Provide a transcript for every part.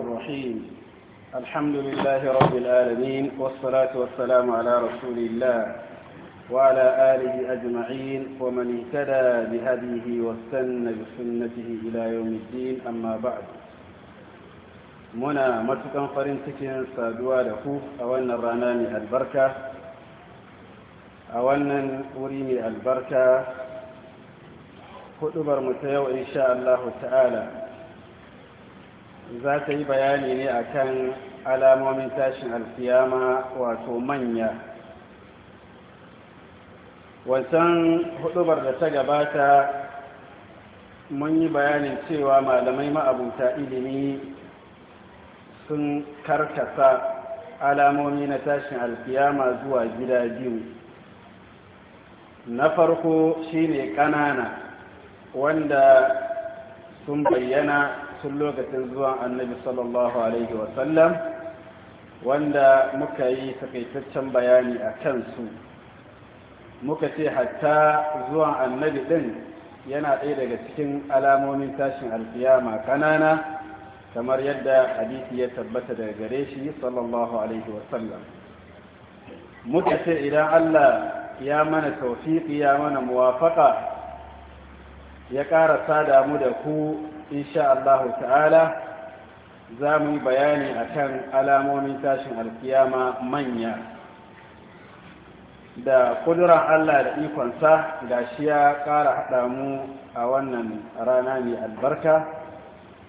الرحيم الحمد لله رب العالمين والصلاة والسلام على رسول الله وعلى آله أجمعين ومن اهتدى بهديه واستنى بسنته إلى يوم الدين أما بعد muna matukan farin cikin saduwa da ku a wannan rana mai albarka a wannan wuri mai albarka hudubar mu ta yau insha Allah ta'ala za ta yi bayani ne akan alamomin tashin alfiyama wato manya wancan hudubar da ta gabata mun yi bayanin cewa malamai ma'abuta ilimi sun karkasa alamomi na tashin alfiyama zuwa gida biyu na farko shine kanana wanda sun bayyana tun lokacin zuwan annabi sallallahu alaihi wasallam wanda muka yi takaitaccen bayani a kansu muka ce hatta zuwan annabi ɗin yana ɗaya daga cikin alamomin tashin alfiyama kanana kamar yadda hadisi ya tabbata daga gare shi sallallahu alaihi wasallam muka ce idan allah ya mana taufiƙi ya mana muwafaƙa ya ƙara sada mu da ku insha Allah ta'ala za mu yi bayani akan alamomin tashin alkiyama manya da kuduran Allah da ikonsa da shi ya ƙara haɗa mu a wannan rana mai albarka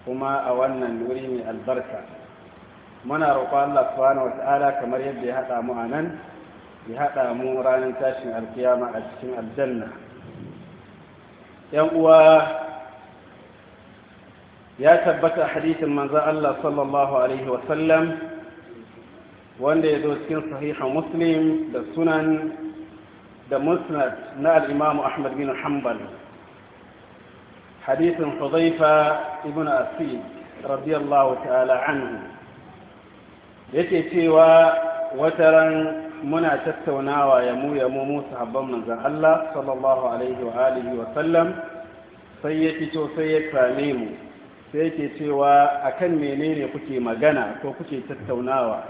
kuma a wannan wuri mai albarka muna roƙo Allah subhanahu wata'ala kamar yadda ya haɗa mu a nan ya haɗa mu ranar tashin alkiyama a cikin aljanna yan uwa ya tabbata hadisin manzo Allah sallallahu alaihi wa sallam wanda ya zo cikin sahihan muslim da sunan da musnad na al-imam Ahmad bin Hanbal hadisin Hudhaifa ibn Asid radiyallahu ta'ala anhu yake cewa wata ran muna tattaunawa ya mu ya mu mu sahabban manzon Allah sallallahu alaihi wa wa sallam sai ya fito sai ya same mu sai ke cewa akan menene kuke magana ko kuke tattaunawa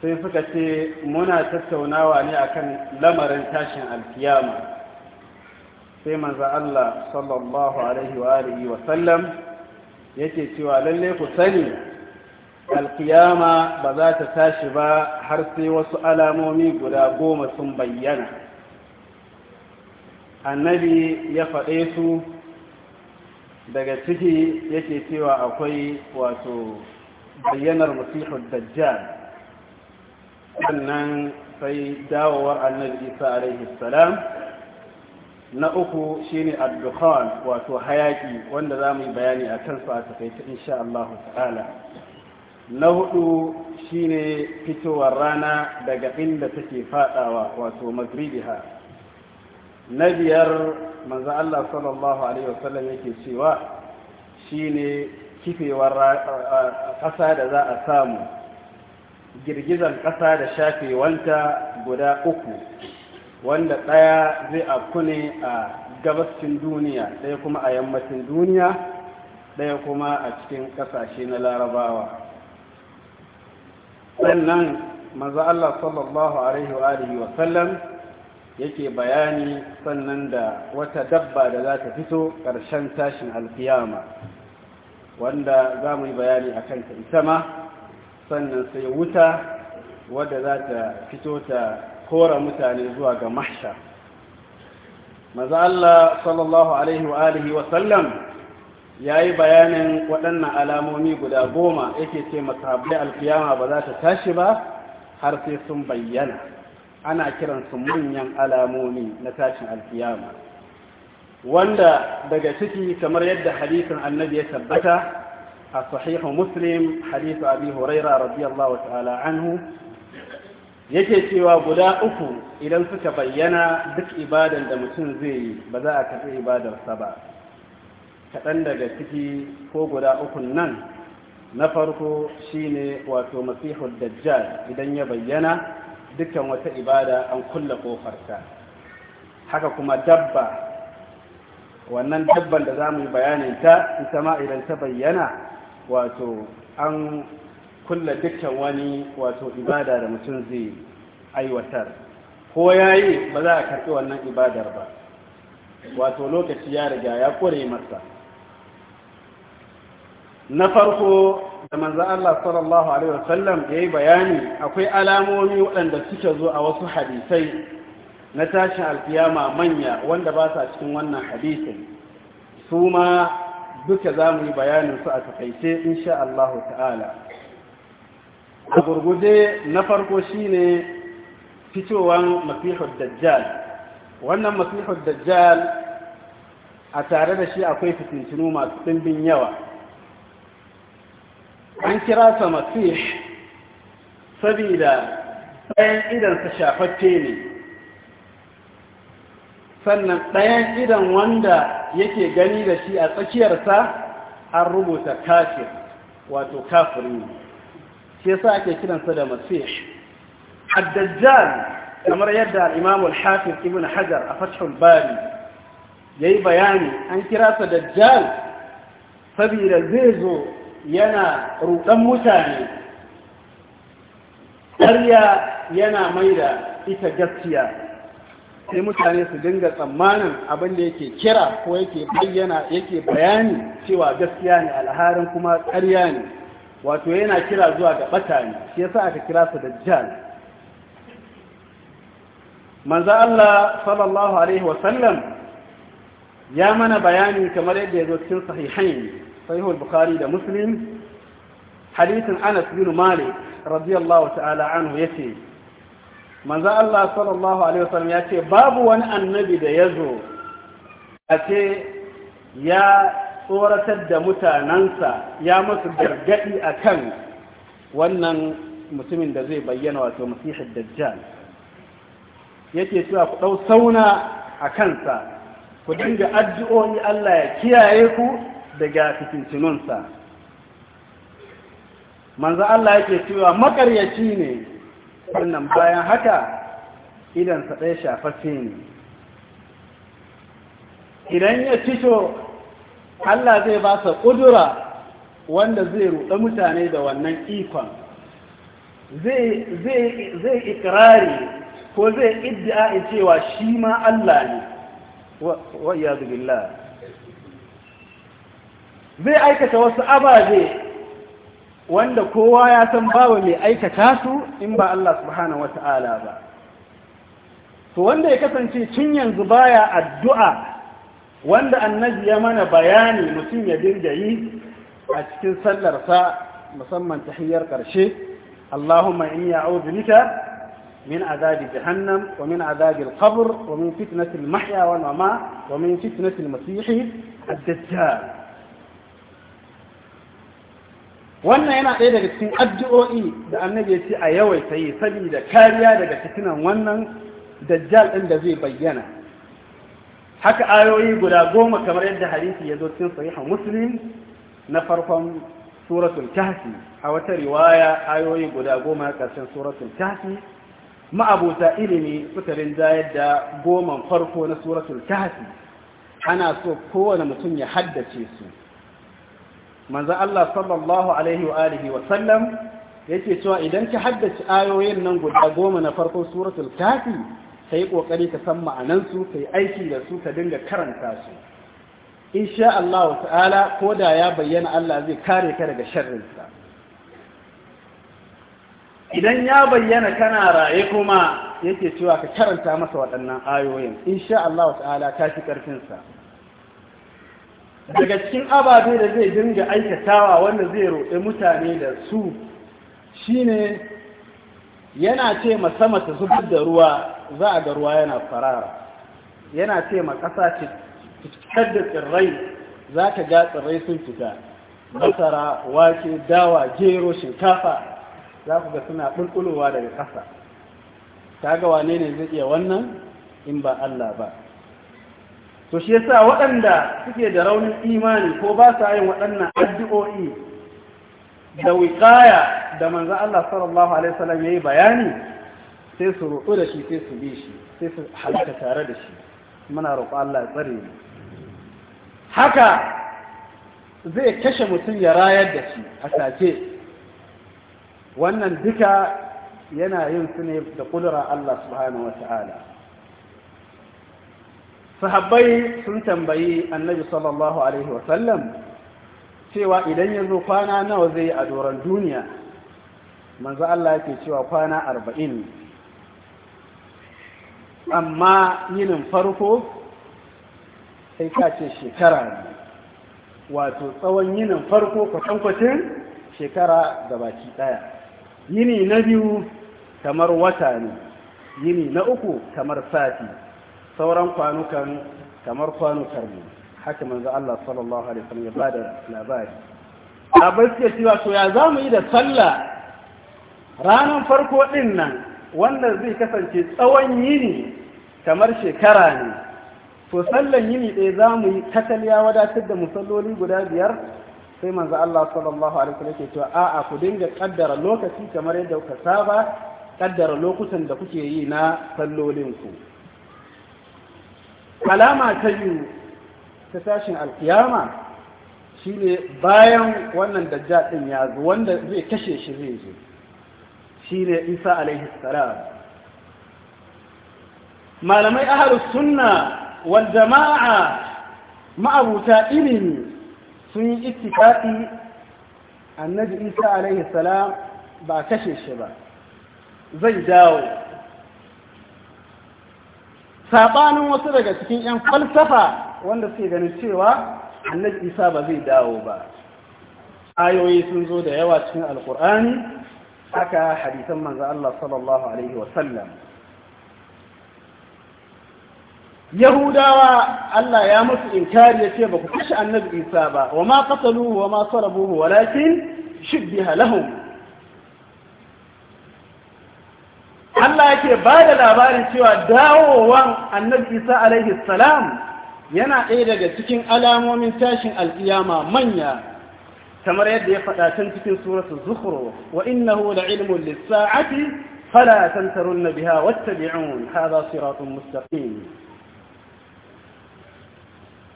sai suka ce muna tattaunawa ne akan lamarin tashin alkiyama sai Maza Allah sallallahu alaihi wa alihi wa sallam yake cewa lalle ku sani alkiyama ba za ta tashi ba har sai wasu alamomi guda goma sun bayyana annabi ya faɗe su daga ciki yake cewa akwai wato bayyanar masihun dajjal sannan sai dawowar annabi isa alaihi salam na uku shine addukhan wato hayaki wanda za mu yi bayani a kansu a takaita insha Allah ta'ala na hudu shine fitowar rana daga inda take fadawa wato magribiha na biyar manzo Allah sallallahu alaihi wasallam yake cewa shine kifewar ƙasa da za a samu girgizar ƙasa da shafewanta guda uku wanda ɗaya zai akune ne a gabascin duniya ɗaya kuma a yammacin duniya ɗaya kuma a cikin ƙasashe na larabawa sannan maza Allah sallallahu alaihi wa sallam yake bayani sannan da wata dabba da za ta fito ƙarshen tashin alkiyama wanda za mu yi bayani a kanta ita ma sannan sai wuta wadda za ta fito ta kora mutane zuwa ga masha maza Allah sallallahu alaihi wa wa sallam ya yi bayanin waɗannan alamomi guda goma yake ce masu alkiyama ba za ta tashi ba har sai sun bayyana ana kiransu manyan alamomi na tashin alkiyama wanda daga ciki kamar yadda hadisin annabi ya tabbata a sahihu muslim hadisu abi huraira radiyallahu ta'ala anhu yake cewa guda uku idan suka bayyana duk ibadan da mutum zai yi ba za a karɓi ibadarsa ba kaɗan daga ciki ko guda ukun nan na farko shine wato masihul dajjal idan ya bayyana dukkan wata ibada an kulla kofarta haka kuma dabba wannan dabban da za mu yi bayanin ta ita ma idan ta bayyana wato an kulla dukkan wani wato ibada da mutum zai aiwatar ko ya yi ba za a karɓi wannan ibadar ba wato lokaci ya riga ya kore masa na farko da manzo Allah sallallahu alaihi wasallam yayi bayani akwai alamomi waɗanda suke zo a wasu hadisai na tashin alkiyama manya wanda ba sa cikin wannan hadisin su ma duka za mu yi bayanin su a takaice insha Allah ta'ala a na farko shine fitowan masihud dajjal wannan masihud dajjal a tare da shi akwai fitintinu masu ɗimbin yawa أنت كراسة مسيح سبيلا طيان إذا تشافتيني سنة طيان إذا وندا يكي قليل شيء تشيرسا الربو تكافر وتكافرين شيسا كي كنا نصدى مسيح الدجال أمر يدى الإمام الحافر ابن حجر أفتح الباري يأي بياني عن كراسة دجال سبيلا زيزو yana ruɗan mutane ƙarya yana mai da ita gaskiya sai mutane su dinga tsammanin abin da yake kira ko yake bayyana yake bayani cewa gaskiya ne alharin kuma ƙarya ne wato yana kira zuwa ga ɓata ne shi yasa aka kira su dajjal manzo Allah sallallahu alaihi wasallam ya mana bayani kamar yadda ya zo cikin sahihain sahihul bukhari da muslim hadisin anas bin malik radiyallahu ta'ala anhu yace manzo Allah sallallahu alaihi wasallam yace babu wani annabi da yazo ace ya tsoratar da mutanansa ya musu gargadi akan wannan mutumin da zai bayyana wato masihid dajjal yake cewa ku dau sauna a kansa ku dinga addu'o'i Allah ya kiyaye ku daga fitincinunsa manzo Allah yake cewa makaryaci ne wannan bayan haka idansa ɗaya shafaffe ne idan ya fito Allah zai ba sa ƙudura wanda zai ruɗa mutane da wannan ikon zai ikirari ko zai iddia cewa shi ma Allah ne wa iya billah zai aikata wasu ababe wanda kowa ya san bawa mai aikata su in ba Allah subhanahu wata'ala ba to wanda ya kasance cin yanzu baya addu'a wanda annabi ya mana bayani mutum ya dinga yi a cikin sallar sa musamman tahiyyar ƙarshe Allahumma in ya'udhu bika min azabi jahannam wa min azabi al-qabr wa min fitnati al-mahya wal wa min fitnati al-masih wannan yana ɗaya daga cikin addu'o'i da annabi ya ce a yawaita yi saboda kariya daga fitinan wannan dajjal ɗin da zai bayyana haka ayoyi guda goma kamar yadda hadisi ya zo cin sahihan musulun na farkon suratun tafi. a wata riwaya ayoyi guda goma ƙarshen suratul kahfi ma'abuta ilimi suka rinjayar da goman farko na suratun tafi, ana so kowane mutum ya haddace su manzo Allah sallallahu alaihi wa alihi wa sallam yake cewa idan ka haddace ayoyin nan guda goma na farkon suratul kafi sai kokari ka san ma'anan su kai aiki da su ka dinga karanta su insha Allah ta'ala koda ya bayyana Allah zai kare ka daga sharrin sa idan ya bayyana kana raye kuma yake cewa ka karanta masa waɗannan ayoyin insha Allah ta'ala ta shi karfin sa daga cikin ababe da zai dinga aikatawa wanda zai roƙe mutane da su shine yana ce ma sama ta zubar da ruwa za a ga ruwa yana farara yana ce ma ƙasa cikar da tsirrai za ka ga tsirrai sun fita masara wake dawa gero shinkafa za ku ga suna ɓulɓulowa daga ƙasa ta ga wane ne zai iya wannan in ba Allah ba to shi yasa waɗanda suke da raunin imani ko ba sa yin waɗannan addu'o'i da wiƙaya da manzo Allah sallallahu alaihi wasallam yayi bayani sai su roƙo da shi sai su bi shi sai su halaka tare da shi muna roƙo Allah ya tsare mu haka zai kashe mutum ya rayar da shi a sace wannan duka yana yin su ne da kudura Allah subhanahu sahabbai sun tambayi annabi sallallahu alaihi wasallam cewa idan yanzu kwana nawa zai yi a doron duniya manzo Allah yake cewa kwana arba'in amma yinin farko sai ka ce shekara ne wato tsawon yinin farko kwatankwacin shekara da baki ɗaya yini na biyu kamar wata ne yini na uku kamar sati sauran kwanukan kamar kwanukan mu haka manzo Allah sallallahu alaihi wasallam ya bada labari abin suke cewa to ya za yi da sallah ranan farko din nan wannan zai kasance tsawon yini kamar shekara ne to sallan yini ɗaya za mu yi katal wadatar da musalloli guda biyar sai manzo Allah sallallahu alaihi wasallam to a a'a ku dinga kaddara lokaci kamar yadda kuka saba kaddara lokutan da kuke yi na sallolin ku alama ta yi ta tashin alkiyama shi ne bayan wannan dajjal ɗin ya zo wanda zai kashe shi zai zo shi ne isa alaihi salam malamai ahalus sunna wal jama'a ma'abuta ilimi sun yi ittifaqi annabi isa alaihi salam ba kashe shi ba zai dawo saɓanin wasu daga cikin 'yan falsafa wanda suke ganin cewa annabi isa ba zai dawo ba ayoyi sun zo da yawa cikin alkur'ani haka hadisan manzo Allah sallallahu alaihi wasallam yahudawa Allah ya musu inkari yace ba ku kashe annabi isa ba wa ma qataluhu wa ma sarabuhu walakin shubbiha lahum Allah yake ba da labarin cewa dawowan annabi Isa alaihi salam yana ɗaya daga cikin alamomin tashin al'iyama manya kamar yadda ya faɗa can cikin suratu zukhru wa innahu la'ilmun lis-sa'ati fala tantarunna biha wattabi'un hadha siratun mustaqim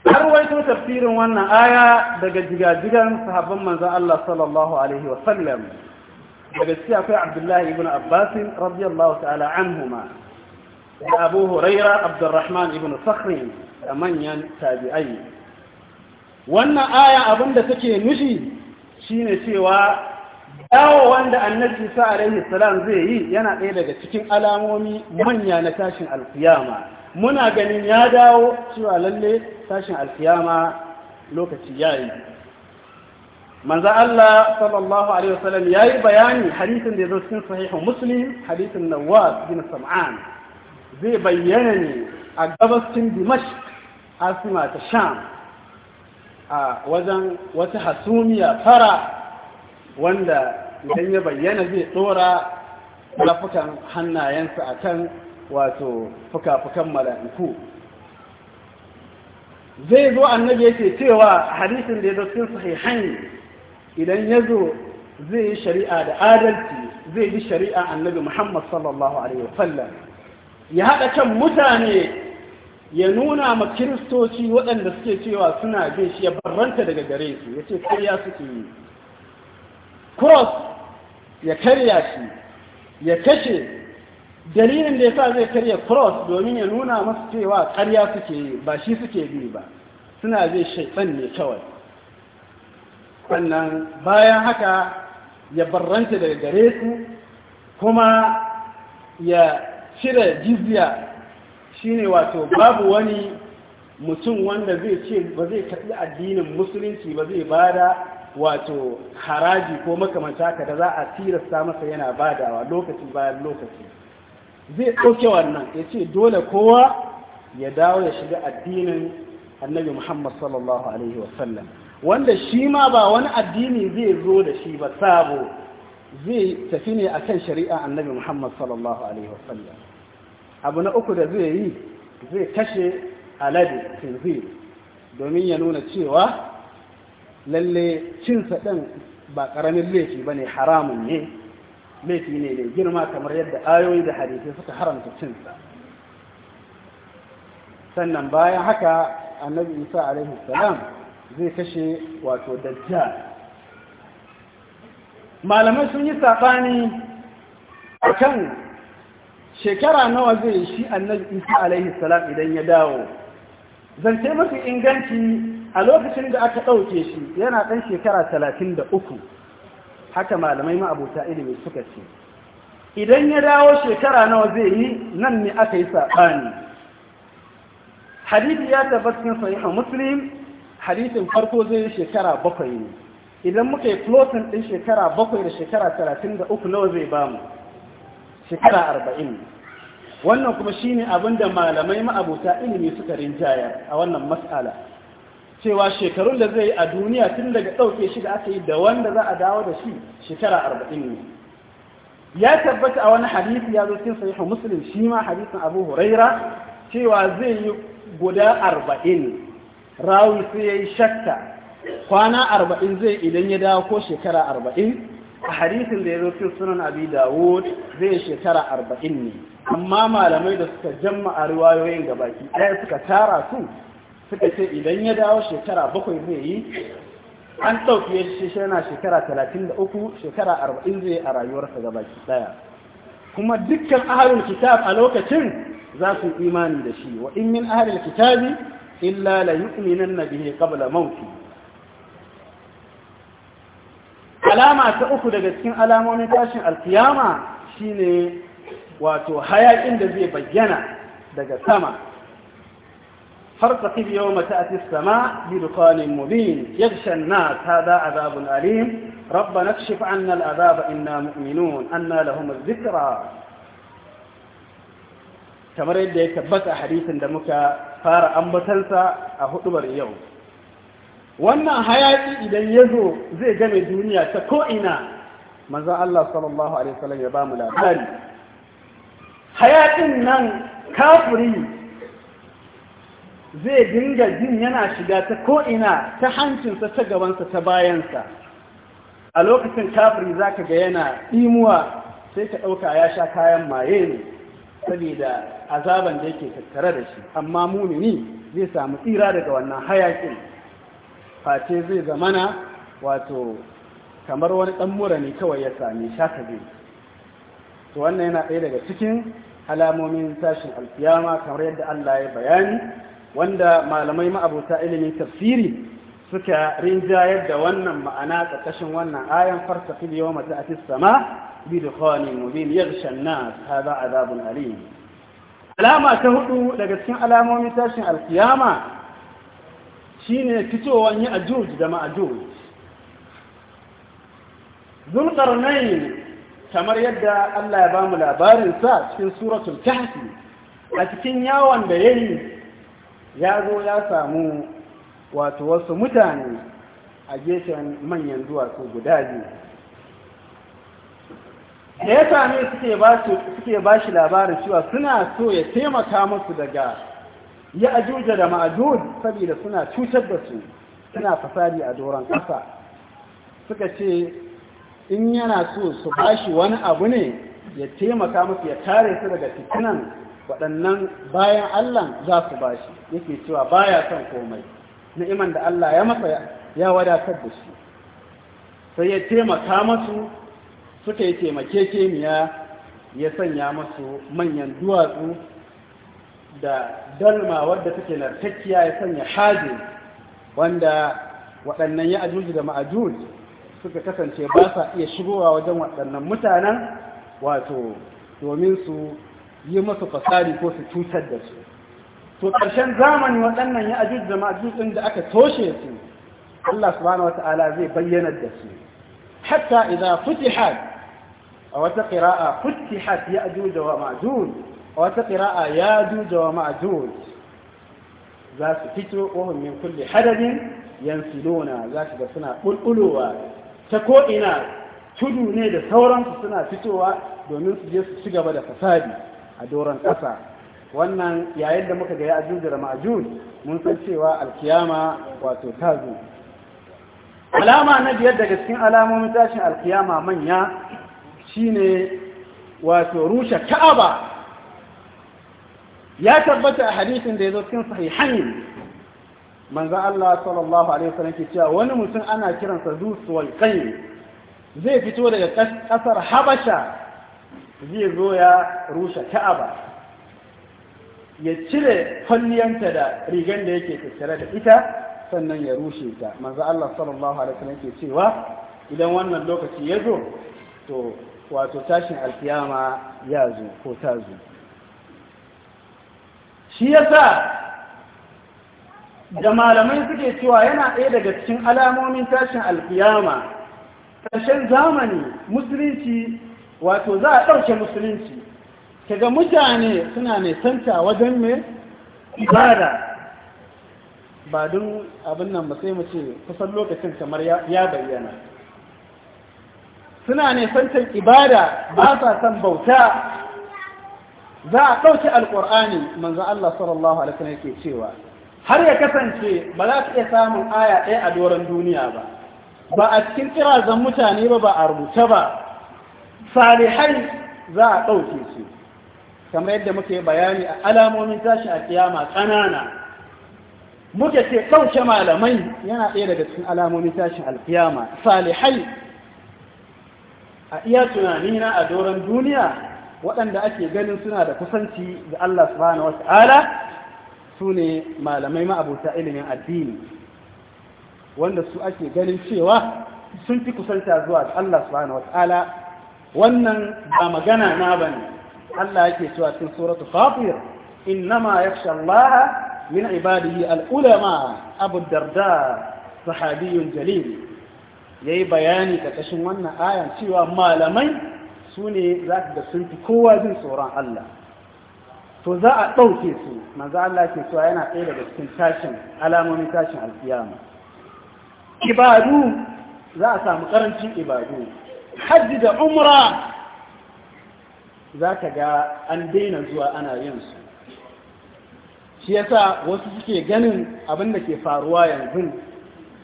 har waito tafsirin wannan aya daga jigajigan sahabban manzan Allah sallallahu alaihi daga cikin akwai abdullahi ibn abbas radiyallahu ta'ala anhuma da abu huraira abdurrahman ibn sakhrin da manyan tabi'ai wannan aya abinda take nufi shine cewa dawo wanda annabi isa alaihi salam zai yi yana ɗaya daga cikin alamomi manya na tashin alkiyama muna ganin ya dawo cewa lalle tashin alkiyama lokaci yayi manzo Allah sallallahu alaihi wasallam yayi bayani hadisin da yazo cikin sahihu muslim hadisin Nawas bin Sam'an zai bayyana ne a gabashin Dimashq asima ta Sham a wajen wata hasumiya fara wanda idan ya bayyana zai tsora lafukan hannayensa akan wato fuka-fukan mala'iku zai zo annabi yake cewa hadisin da ya cikin sahihan idan ya zo zai yi shari'a da adalci zai yi shari'a annabi muhammad sallallahu alaihi wasallam ya haɗa kan mutane ya nuna ma kiristoci waɗanda suke cewa suna bin shi ya barranta daga gare su ya ce karya suke yi cross ya karya shi ya kashe dalilin da ya sa zai karya cross domin ya nuna masu cewa karya suke yi ba shi suke bi ba suna zai shaitan ne kawai sannan bayan haka ya barranta daga gare su kuma ya cire jizya shine wato babu wani mutum wanda zai ce ba zai karɓi addinin musulunci ba zai bada wato haraji ko makamanta ka da za a tirasta masa yana badawa lokaci bayan lokaci zai ɗauke wannan ya ce dole kowa ya dawo ya shiga addinin annabi muhammad sallallahu alaihi wasallam wanda shi ma ba wani addini zai zo da shi ba sabo zai tafi ne akan shari'a annabi Muhammad sallallahu alaihi wasallam abu na uku da zai yi zai kashe alade tinzir domin ya nuna cewa lalle cinsa ɗan ba ƙaramin laifi ba ne haramun ne laifi ne mai girma kamar yadda ayoyi da hadisi suka haramta cinsa sannan bayan haka annabi isa alaihi salam zai kashe wato dajjal malamai sun yi saɓani akan shekara nawa zai shi annabi isa alaihi salam idan ya dawo zance mafi inganci a lokacin da aka ɗauke shi yana ɗan shekara talatin da uku haka malamai ma'abuta ilimi suka ce idan ya dawo shekara nawa zai yi nan ne aka yi saɓani hadisi ya tabbatin sahihan muslim hadisin farko zai yi shekara bakwai ne idan muka yi flotin ɗin shekara bakwai da shekara talatin da uku nawa zai bamu shekara arba'in wannan kuma shine abin da malamai ma'abuta ilimi suka rinjaya a wannan matsala cewa shekarun da zai yi a duniya tun daga ɗauke shi da aka yi da wanda za a dawo da shi shekara arba'in ne ya tabbata a wani hadisi ya zo cin sahihu muslim shi ma hadisin abu huraira cewa zai yi guda arba'in rawi sai ya yi shakka kwana arba'in zai idan ya dawo ko shekara arba'in a hadisin da ya zo fi sunan abi dawud zai shekara arba'in ne amma malamai da suka jama'a riwayoyin gabaki ɗaya suka tara su suka ce idan ya dawo shekara bakwai zai yi an ɗauki shi yana shekara talatin da uku shekara arba'in zai a rayuwarsa gabaki ɗaya kuma dukkan ahalin kitab a lokacin za su imani da shi wa in min ahalin kitabi illa la yu'minan bihi qabla mawti alama ta uku daga cikin alamomin tashin alkiyama shine wato hayaƙin da zai bayyana daga sama har taqib yawma ta'ti as-samaa bi duqanin mubin yakshan na hadha adhabun alim rabbana akshif 'anna al-'adaba inna mu'minun anna lahum az-zikra kamar yadda ya tabbata hadisin da muka fara ambatarsa a hudubar yau wannan hayaki idan ya zo zai game duniya ta ko'ina Maza Allah sallallahu Alaihi wasallam ya ba mu labari hayakin nan kafuri zai dinga jin yana shiga ta ko'ina ta hancinsa ta gabansa ta bayansa a lokacin kafuri za ka ga yana imuwa sai ka ɗauka ya sha kayan maye ne saboda azaban da yake tattare da shi amma mumini zai samu tsira daga wannan hayakin face zai zamana wato kamar wani dan mura ne kawai ya sami shaka zai to wannan yana ɗaya daga cikin alamomin tashin alkiyama kamar yadda Allah ya bayani wanda malamai ma'abuta ilimin tafsiri suka rinjayar da wannan ma'ana ƙarƙashin wannan ayan farsa fil yawma ta'ti sama bi dukhanin mubin shanna, ta za a zabun alim alama ta hudu daga cikin alamomin tashin alkiyama shine fitowar ya'juj da ma'juj zulqarnain kamar yadda Allah ya bamu labarin sa cikin suratul kahfi a cikin yawon da yayi ya zo ya samu wato wasu mutane a gefen manyan duwatsu guda biyu da ya sami suke ba shi labarin cewa suna so ya taimaka musu daga ya ajuja da ma'adud saboda suna cutar da su suna fasari a doron ƙasa suka ce in yana so su ba shi wani abu ne ya taimaka musu ya tare su daga fitinan waɗannan bayan allah za su ba shi yake cewa baya son komai ni'iman da Allah ya masa ya wadatar da su sai ya taimaka masu suka yi taimake kimiya ya sanya masu manyan duwatsu da dalma wadda take nartakkiya ya sanya haji wanda waɗannan ya ajuji da ma'ajuj suka kasance ba sa iya shigowa wajen waɗannan mutanen wato domin su yi masu fasari ko su cutar da su to ƙarshen zamani waɗannan ya ajuj da majujin da aka toshe su Allah subhanahu zai bayyana da su hatta idza futihat a wata qira'a futihat ya ajuj wa majuj a wata qira'a ya ajuj wa majuj za su fito wahum kulle kulli hadadin yansiluna za su ga suna bulbulowa ta ko ina tudu ne da sauransu suna fitowa domin su je su ci gaba da fasadi a doron ƙasa wannan yayin da muka ga ya ajuj da ma'ajuj mun san cewa alkiyama wato ta zo alama na biyar daga cikin alamomin tashin alkiyama manya shine wato rushe ka'aba ya tabbata a hadisin da ya zo cikin sahihain manzo Allah sallallahu alaihi wasallam ke cewa wani mutum ana kiransa zuwal kai zai fito daga kasar habasha zai zo ya rushe ka'aba ya cire kwalliyanta da rigan da yake tattare da ita sannan ya rushe ta manzo Allah sallallahu alaihi wasallam ke cewa idan wannan lokaci ya zo to wato tashin alkiyama ya zo ko ta zo shi yasa da malamai suke cewa yana ɗaya daga cikin alamomin tashin alkiyama ƙarshen zamani musulunci wato za a ɗauke musulunci kaga mutane suna nisanta wajen mai ibada ba don abin nan ba sai mu ce kusan lokacin kamar ya bayyana suna nisantar ibada ba sa san bauta za a ɗauki alƙur'ani manzan Allah sallallahu alaihi wasallam yake cewa har ya kasance ba za su iya samun aya ɗaya a doron duniya ba ba a cikin kirazan mutane ba ba a rubuta ba salihai za a ɗauke su kamar yadda muke bayani a alamomin tashi a kiyama ƙanana muke ce ɗauke malamai yana ɗaya daga cikin alamomin tashin alkiyama salihai a iya tunanina a doron duniya waɗanda ake ganin suna da kusanci ga Allah subhanahu wata'ala su ne malamai ma'abuta ilimin addini wanda su ake ganin cewa sun fi kusanta zuwa ga Allah subhanahu wata'ala wannan ba magana na bane Allah yake cewa cikin suratu Fatir innama yakhsha Allah min ibadihi al-ulama Abu Darda sahabiyun jalil yayi bayani kashin wannan ayan cewa malamai sune za da sun fi kowa jin tsoron Allah to za a ɗauke su manzo Allah ke cewa yana ɗaya daga cikin tashin alamomin tashin alkiyama ibadu za a samu ƙarancin ibadu hajji da umra za ka ga an daina zuwa ana yin su shi yasa wasu suke ganin abin da ke faruwa yanzu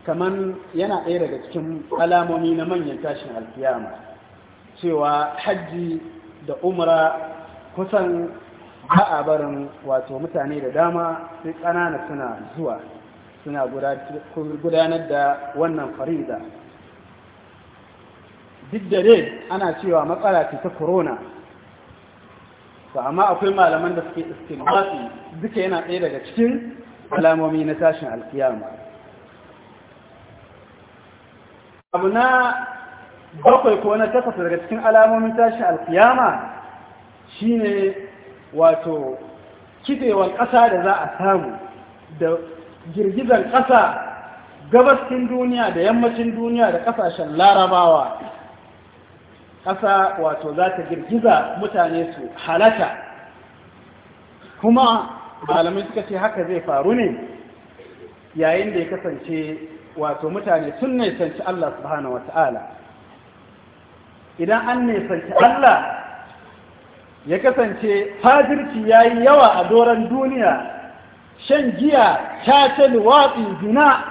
kamar yana ɗaya daga cikin alamomi na manyan tashin alfiyama. cewa hajji da umara kusan ba a barin wato mutane da dama sai ƙanana suna zuwa suna gudanar da wannan farida duk da dai ana cewa matsala ce ta corona to amma akwai malaman da suke istinbati duka yana ɗaya daga cikin alamomi na tashin alkiyama abu na bakwai ko na takwas daga cikin alamomin tashin alkiyama shine wato kitewar ƙasa da za a samu da girgizan ƙasa gabaskin duniya da yammacin duniya da ƙasashen larabawa ƙasa wato za ta girgiza mutane su halata kuma malamai suka ce haka zai faru ne yayin da ya kasance wato mutane sun nesanci Allah subhanahu wata'ala idan an nisanci Allah ya kasance fajirci ya yi yawa a doron duniya shan giya cace luwatsi zina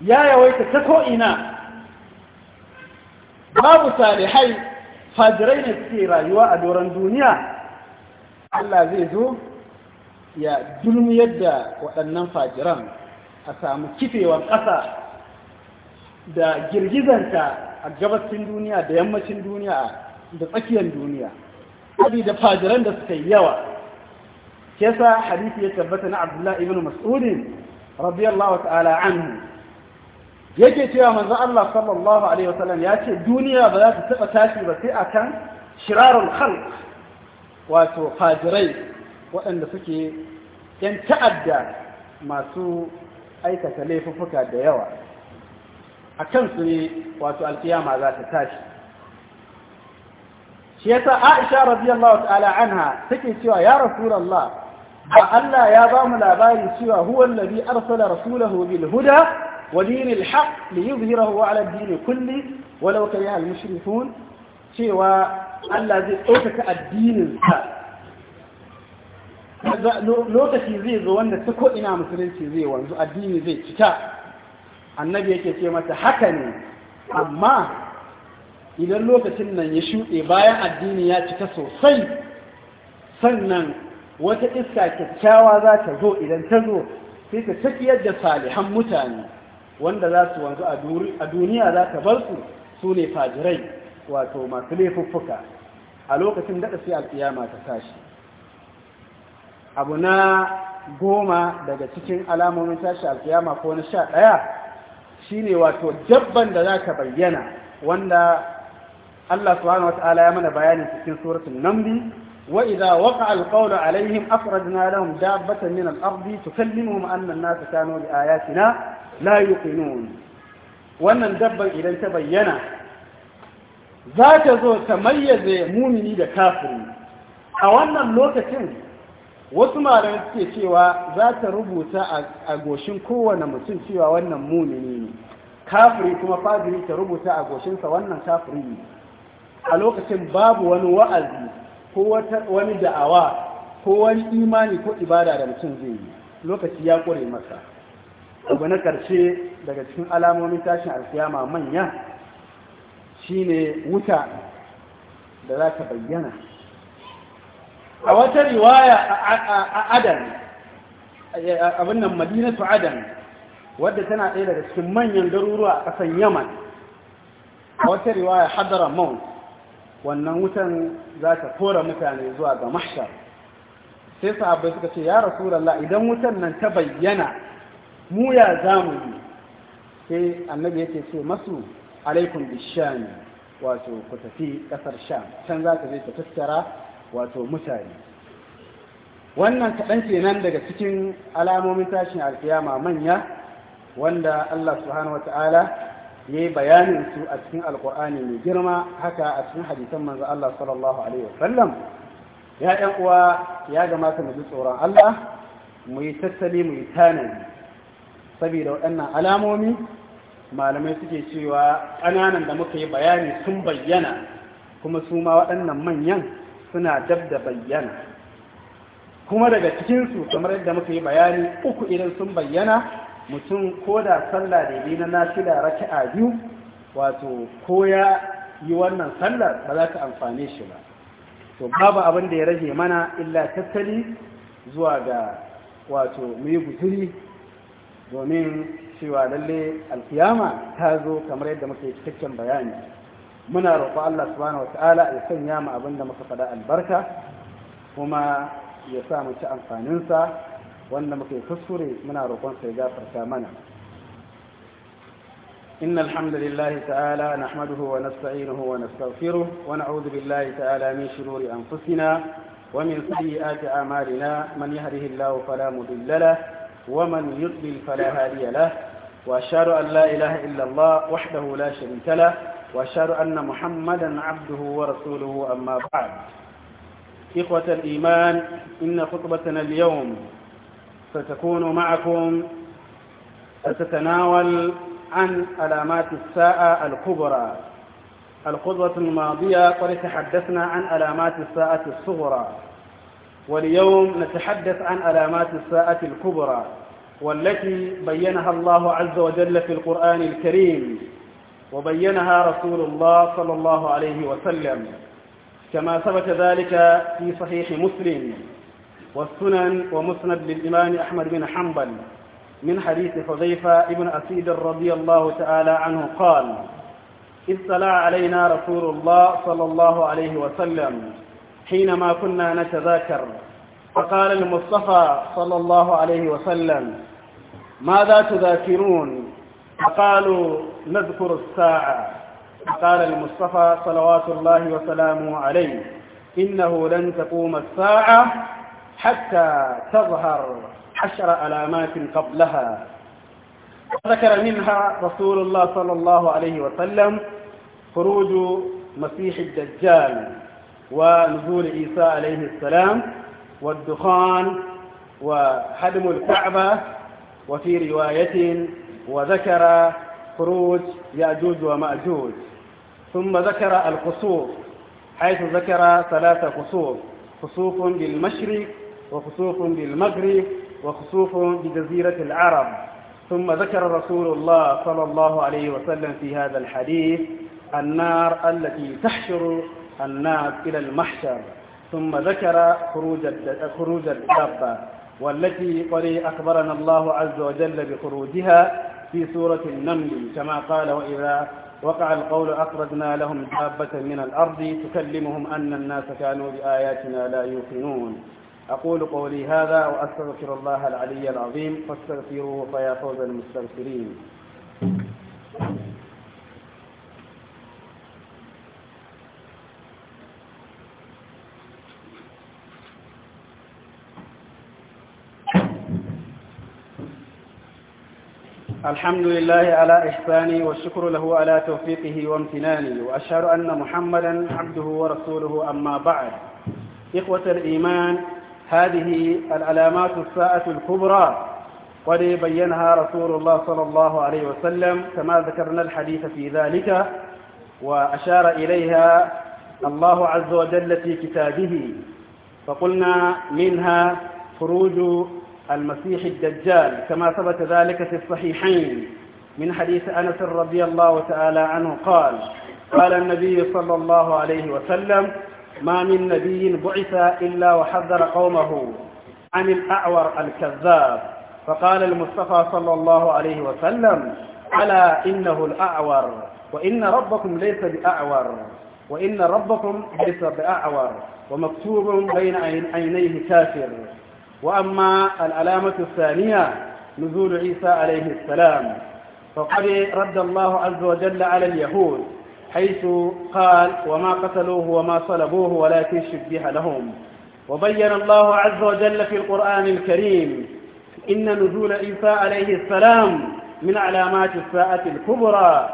ya yawaita ta ko'ina babu salihai fajirai ne suke rayuwa a doron duniya Allah zai zo ya dulmiyar da waɗannan fajiran a samu kifewar ƙasa da girgizanta a gabashin duniya da yammacin duniya da tsakiyar duniya da fajiran da suka yi yawa kesa hadisi ya tabbata na abdullahi ibn mas'udin radiyallahu ta'ala anhu yake cewa manzon Allah sallallahu alaihi wasallam ya ce duniya ba za ta taba tashi ba sai akan shirarul khalq wato fajirai waɗanda suke yan ta'adda masu aikata laifuffuka da yawa a kansu ne wato alkiyama za ta tashi shi yasa Aisha radiyallahu ta'ala anha take cewa ya rasulullah ba Allah ya ba mu labari cewa huwa allazi arsala rasulahu bil huda ودين الحق ليظهره على الدين كله ولو كره المشركون cewa Allah zai ɗaukaka addininsa lokaci zai zo wanda ta ko'ina musulunci zai wanzu addini zai cika annabi yake ce mata haka ne amma idan lokacin nan ya shuɗe bayan addini ya cika sosai sannan wata iska kyakkyawa za ta zo idan ta zo sai ta tafiyar da salihan mutane wanda za su wanzu a duniya za ka bar su su ne fajirai wato masu laifuffuka a lokacin daɗa sai alƙiyama ta tashi abu na goma daga cikin alamomin tashi alƙiyama ko na sha ɗaya shi ne wato jabban da za ka bayyana wanda Allah su wa ya mana bayanin cikin suratun namli وإذا وقع القول عليهم أخرجنا لهم دابة من الأرض تكلمهم أن الناس كانوا بآياتنا لا يقنون وأن دبا إذا تبين ذاك ذو تميز da لكافر أو أن lokacin, wasu malamai suke cewa za ta rubuta a goshin kowane mutum cewa wannan mumini ne kafiri kuma fadiri ta rubuta a goshinsa wannan kafiri ne a lokacin babu wani wa'azi ko wani da'awa ko wani imani ko ibada da mutum zai yi lokaci ya ƙure masa abu na karshe daga cikin alamomin tashin alkiyama manya shine wuta da za ta bayyana a wata riwaya a adan abin nan madinatu adan wadda tana ɗaya daga cikin manyan garuruwa a ƙasan yaman a wata riwaya hadara mount wannan wutan za ta kora mutane zuwa ga mashar? sai sahabbai suka ce ya rasu rasulallah idan wutan nan ta bayyana mu ya zamu yi sai annabi yake ce masu alaikum bishani wato ku tafi kasar sham can za ka je ta tattara wato mutane wannan kaɗan kenan daga cikin alamomin tashin alkiyama manya wanda Allah subhanahu wata'ala yayi bayanin su a cikin alqur'ani mai girma haka a cikin hadisan manzo Allah sallallahu alaihi wasallam ya ɗan uwa ya gamata mu ji tsoron Allah mu yi tattali mu yi tanani saboda waɗannan alamomi malamai suke cewa ƙananan da muka yi bayani sun bayyana kuma su ma waɗannan manyan suna dab da bayyana kuma daga cikinsu kamar yadda muka yi bayani uku idan sun bayyana mutum ko da sallah da yi na raki a biyu wato ko ya yi wannan sallar ba za ka amfane shi ba to babu abin da ya rage mana illa tattali zuwa ga wato mai guturi domin cewa lalle alkiyama ta zo kamar yadda muka yi cikakken bayani muna roƙo Allah subhanahu wata'ala ya sanya mu abin da muka faɗa albarka kuma ya sa mu ci amfaninsa wanda muke kuskure muna roƙon sai gafarta mana إن الحمد لله تعالى نحمده ونستعينه ونستغفره ونعوذ بالله تعالى من شرور أنفسنا ومن سيئات أعمالنا من يهده الله فلا مضل له ومن يضلل فلا هادي له وأشهد أن لا إله إلا الله وحده لا شريك له وأشهد أن محمدا عبده ورسوله أما بعد إخوة الإيمان إن خطبتنا اليوم ستكون معكم ستتناول عن علامات الساعة الكبرى القدوة الماضية قد تحدثنا عن علامات الساعة الصغرى واليوم نتحدث عن علامات الساعة الكبرى والتي بينها الله عز وجل في القرآن الكريم وبينها رسول الله صلى الله عليه وسلم كما ثبت ذلك في صحيح مسلم والسنن ومسند للإمام أحمد بن حنبل من حديث حذيفة بن أسيد رضي الله تعالى عنه قال إذ صلى علينا رسول الله صلى الله عليه وسلم حينما كنا نتذاكر فقال المصطفى صلى الله عليه وسلم ماذا تذاكرون فقالوا نذكر الساعة فقال المصطفى صلوات الله وسلامه عليه إنه لن تقوم الساعة حتى تظهر عشر ألامات قبلها ذكر منها رسول الله صلى الله عليه وسلم خروج مسيح الدجال ونزول عيسى عليه السلام والدخان وهدم الكعبة وفي رواية وذكر خروج يأجوج ومأجوج ثم ذكر القصور حيث ذكر ثلاث قصور خسوف للمشرق وخصوص للمغرب وخصوص بجزيرة العرب ثم ذكر رسول الله صلى الله عليه وسلم في هذا الحديث النار التي تحشر الناس إلى المحشر ثم ذكر خروج خروج الدابة والتي قد أخبرنا الله عز وجل بخروجها في سورة النمل كما قال وإذا وقع القول أخرجنا لهم دابة من الأرض تكلمهم أن الناس كانوا بآياتنا لا يوقنون أقول قولي هذا وأستغفر الله العلي العظيم فاستغفروه فيا فوز المستغفرين الحمد لله على إحساني والشكر له على توفيقه وامتناني وأشهد أن محمدا عبده ورسوله أما بعد إخوة الإيمان هذه العلامات الساعة الكبرى قد بينها رسول الله صلى الله عليه وسلم كما ذكرنا الحديث في ذلك وأشار إليها الله عز وجل في كتابه فقلنا منها خروج المسيح الدجال كما ثبت ذلك في الصحيحين من حديث أنس رضي الله تعالى عنه قال قال النبي صلى الله عليه وسلم ما من نبي بعث إلا وحذر قومه عن الأعور الكذاب فقال المصطفى صلى الله عليه وسلم ألا إنه الأعور وإن ربكم ليس بأعور وإن ربكم ليس بأعور ومكتوب بين عينيه كافر وأما العلامة الثانية نزول عيسى عليه السلام فقد رد الله عز وجل على اليهود حيث قال وما قتلوه وما صلبوه ولكن شبه لهم وبين الله عز وجل في القرآن الكريم إن نزول عيسى عليه السلام من علامات الساعة الكبرى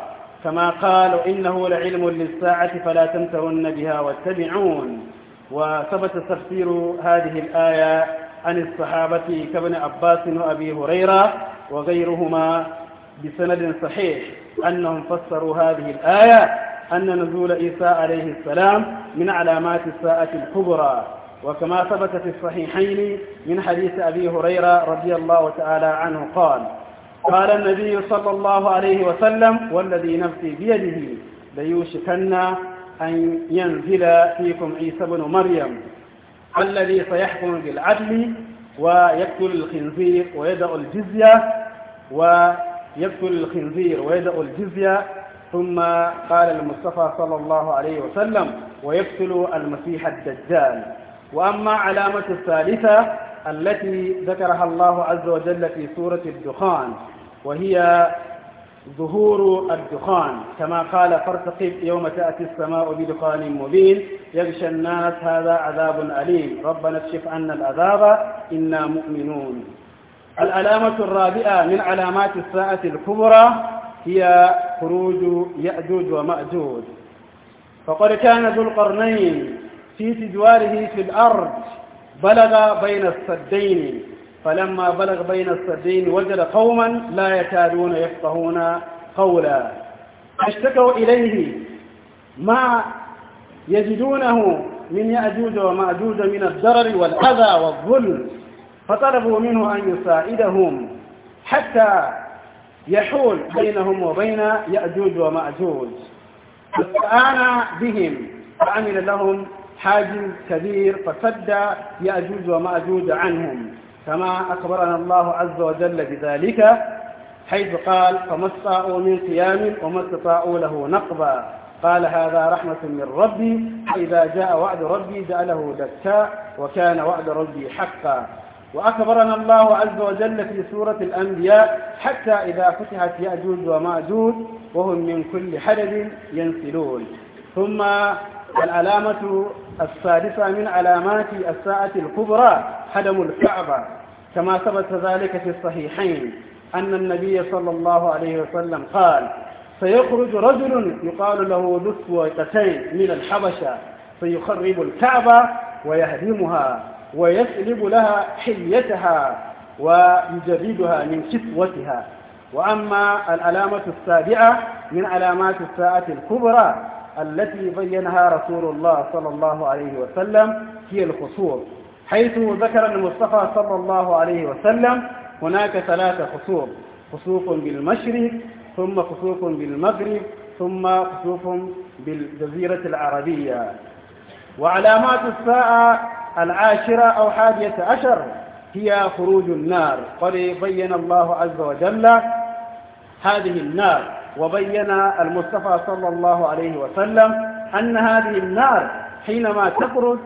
كما قال إنه لعلم للساعة فلا تمترن بها واتبعون وثبت تفسير هذه الآية عن الصحابة كابن عباس وأبي هريرة وغيرهما بسند صحيح أنهم فسروا هذه الآية أن نزول إيسى عليه السلام من علامات الساعة الكبرى وكما ثبت في الصحيحين من حديث أبي هريرة رضي الله تعالى عنه قال قال النبي صلى الله عليه وسلم والذي نفسي بيده ليوشكن أن ينزل فيكم عيسى بن مريم الذي سيحكم بالعدل ويقتل الخنزير ويدع الجزية ويقتل الخنزير ويدع الجزية ثم قال المصطفى صلى الله عليه وسلم ويقتل المسيح الدجال وأما علامة الثالثة التي ذكرها الله عز وجل في سورة الدخان وهي ظهور الدخان كما قال فارتقب يوم تأتي السماء بدخان مبين يغشى الناس هذا عذاب أليم ربنا اكشف عنا العذاب إنا مؤمنون العلامة الرابعة من علامات الساعة الكبرى هي خروج يأجوج ومأجوج فقد كان ذو القرنين في تجواره في الأرض بلغ بين السدين فلما بلغ بين السدين وجد قوما لا يكادون يفقهون قولا اشتكوا إليه ما يجدونه من يأجوج ومأجوج من الضرر والأذى والظلم فطلبوا منه أن يساعدهم حتى يحول بينهم وبين يأجوج ومأجوج فاستعان بهم فعمل لهم حاجز كبير فسد يأجوج ومأجوج عنهم كما أخبرنا الله عز وجل بذلك حيث قال فما استطاعوا من قيام وما استطاعوا له نقبا قال هذا رحمة من ربي فإذا جاء وعد ربي جعله دكا وكان وعد ربي حقا وأخبرنا الله عز وجل في سورة الأنبياء حتى إذا فتحت يأجوج ومأجوج وهم من كل حدد ينسلون ثم العلامة السادسة من علامات الساعة الكبرى هدم الكعبة كما ثبت ذلك في الصحيحين أن النبي صلى الله عليه وسلم قال سيخرج رجل يقال له ذو السويقتين من الحبشة فيخرب الكعبة ويهدمها ويسلب لها حليتها ويجردها من كسوتها وأما العلامة السابعة من علامات الساعة الكبرى التي بينها رسول الله صلى الله عليه وسلم هي الخصور حيث ذكر المصطفى صلى الله عليه وسلم هناك ثلاثة خصور خصوف بالمشرق ثم خصوف بالمغرب ثم خصوف بالجزيرة العربية وعلامات الساعة العاشرة أو حادية عشر هي خروج النار قد بين الله عز وجل هذه النار وبين المصطفى صلى الله عليه وسلم أن هذه النار حينما تخرج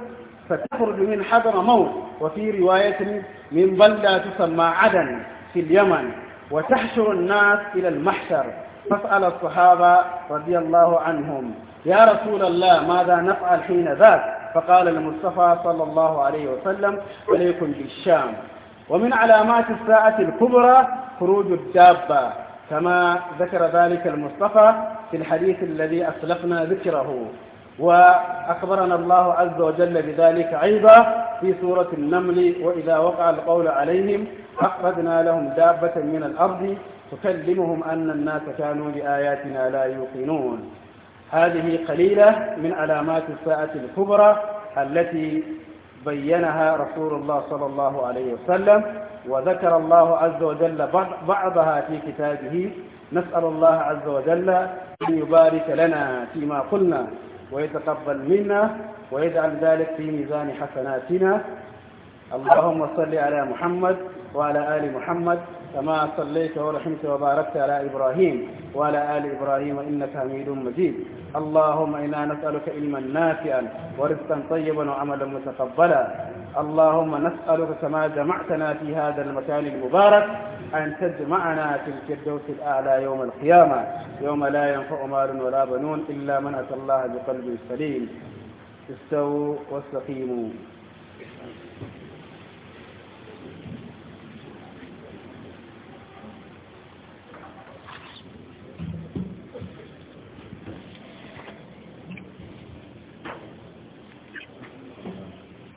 فتخرج من حضر موت وفي رواية من بلدة تسمى عدن في اليمن وتحشر الناس إلى المحشر فسأل الصحابة رضي الله عنهم يا رسول الله ماذا نفعل حين ذاك فقال المصطفى صلى الله عليه وسلم عليكم بالشام ومن علامات الساعة الكبرى خروج الدابة كما ذكر ذلك المصطفى في الحديث الذي أسلفنا ذكره وأخبرنا الله عز وجل بذلك أيضا في سورة النمل وإذا وقع القول عليهم أخرجنا لهم دابة من الأرض تكلمهم أن الناس كانوا بآياتنا لا يوقنون هذه قليلة من علامات الساعة الكبرى التي بينها رسول الله صلى الله عليه وسلم وذكر الله عز وجل بعضها في كتابه نسأل الله عز وجل أن يبارك لنا فيما قلنا ويتقبل منا ويجعل ذلك في ميزان حسناتنا اللهم صل على محمد وعلى آل محمد كما صليت ورحمت وباركت على إبراهيم وعلى آل إبراهيم إنك حميد مجيد اللهم إنا نسألك علما نافعا ورزقا طيبا وعملا متقبلا اللهم نسألك كما جمعتنا في هذا المكان المبارك أن تجمعنا في الفردوس الأعلى يوم القيامة يوم لا ينفع مال ولا بنون إلا من أتى الله بقلب سليم استووا واستقيموا